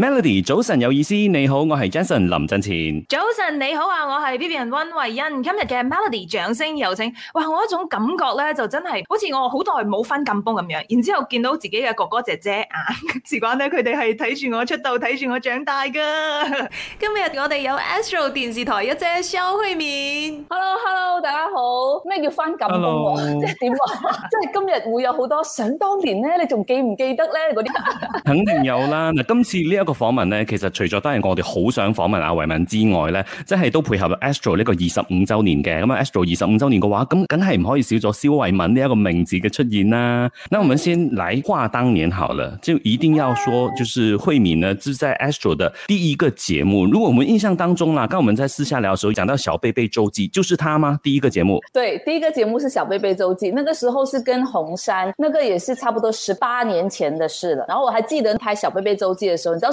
Melody，早晨有意思，你好，我係 Jason 林振前。早晨你好啊，我係 Vivian 温慧欣。今日嘅 Melody 掌聲有請。哇，我一種感覺咧，就真係好似我好耐冇翻金峰咁樣。然之後見到自己嘅哥哥姐姐啊，事關咧，佢哋係睇住我出道，睇住我長大噶。今日我哋有 Astro 電視台有一隻 Show 會面。Hello Hello，大家好。咩叫翻金峰？即係點講？即係今日會有好多 想當年咧，你仲記唔記得咧？嗰啲 肯定有啦。嗱，今次呢、這、一、個個訪問咧，其實除咗當然我哋好想訪問阿慧敏之外咧，即係都配合 Astro 呢個二十五週年嘅，咁啊 Astro 二十五週年嘅話，咁梗係唔可以少咗蕭慧敏呢一個名字嘅出現啦、啊。那我們先來話當年好了，就一定要說，就是慧敏呢，就是在 Astro 的第一個節目。如果我們印象當中啦，剛我們在私下聊嘅時候，講到小貝貝周記，就是他嗎？第一個節目，對，第一個節目是小貝貝周記，那個時候是跟紅山，那個也是差不多十八年前的事了。然後我還記得拍小貝貝周記嘅時候，你知道？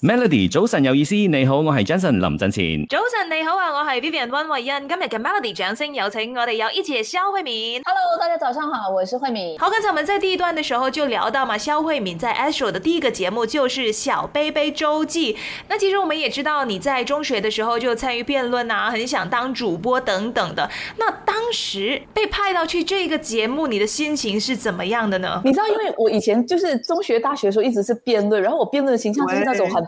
Melody，早晨有意思，你好，我是 Jason 林振前。早晨你好啊，我是 Vivian 溫慧欣。今日跟 Melody 掌聲有請我哋有一姐肖慧敏。Hello，大家早上好，我是慧敏。好，剛才我們在第一段的時候就聊到嘛，肖慧敏在 Astro 的第一個節目就是小杯杯周記。那其實我們也知道，你在中學的時候就參與辯論啊，很想當主播等等的。那當時被派到去這個節目，你的心情是怎麼樣的呢？你知道，因為我以前就是中學、大學的時候一直是辯論，然後我辯論的形象係那種很。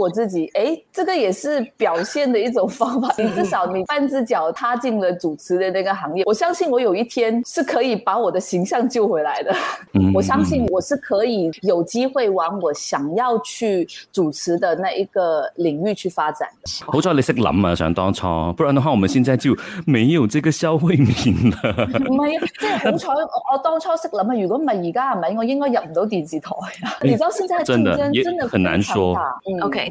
我自己，誒，這個也是表現的一種方法。你至少你半隻腳踏進了主持的那個行業，我相信我有一天是可以把我的形象救回來的。我相信我是可以有機會往我想要去主持的那一個領域去發展的。好彩你識諗啊，想當初，不然的話，我們現在就沒有這個消費面了，沒有這，即係好彩我當初識諗啊，如果唔係而家我應該入唔到電視台啊。你知道現在競爭真真真係困難啊。OK。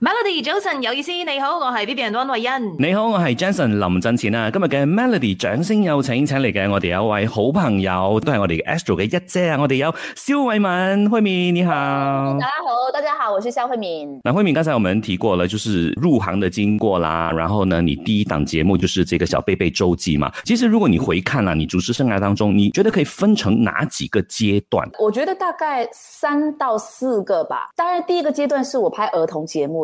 Melody 早晨有意思，你好，我係 B B N 溫慧欣。你好，我是 Johnson 林振前啊。今日嘅 Melody 掌聲有請，請嚟嘅我哋有位好朋友，嗯、都係我哋 Astro 嘅一姐啊。我哋有蕭維文慧敏，你好，大家好，大家好，我是蕭慧敏。那、啊、慧敏，剛才我們提過了，就是入行的經過啦。然後呢，你第一檔節目就是這個小貝貝周記嘛。其實如果你回看啦，你主持生涯當中，你覺得可以分成哪幾個階段？我覺得大概三到四個吧。當然第一個階段是我拍兒童節目。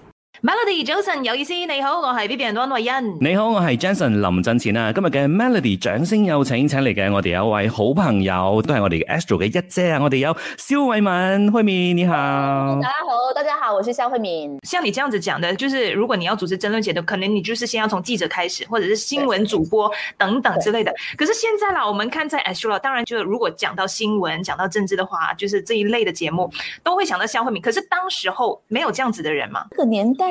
Melody，Johnson 有意思，你好，我 Vivian 係 B B 人溫慧 n 你好，我是 Jenson 林振前啊。今日嘅 Melody 掌聲有請，請嚟嘅我哋有位好朋友，都係我哋 Astro 嘅一姐啊。我哋有肖偉敏、慧敏，你好，大家好，大家好，我是肖慧敏。像你這樣子講的，就是如果你要組織爭論節目，可能你就是先要從記者開始，或者是新聞主播等等之類的。可是現在啦，我們看在 Astro，當然，就如果講到新聞、講到政治的話，就是這一類嘅節目都會想到肖慧敏。可是當時候沒有這樣子嘅人嘛，這個年代。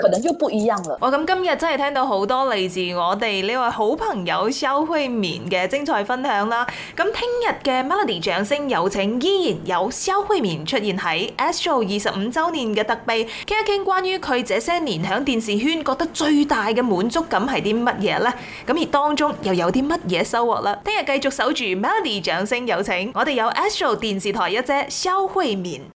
可能又不一樣啦。我咁今日真係聽到好多嚟自我哋呢位好朋友蕭慧敏嘅精彩分享啦。咁聽日嘅 Melody 掌聲有請，依然有蕭慧敏出現喺 Astro 二十五周年嘅特備，傾一傾關於佢這些年喺電視圈覺得最大嘅滿足感係啲乜嘢呢？咁而當中又有啲乜嘢收穫啦？聽日繼續守住 Melody 掌聲有請，我哋有 Astro 電視台一姐蕭慧敏。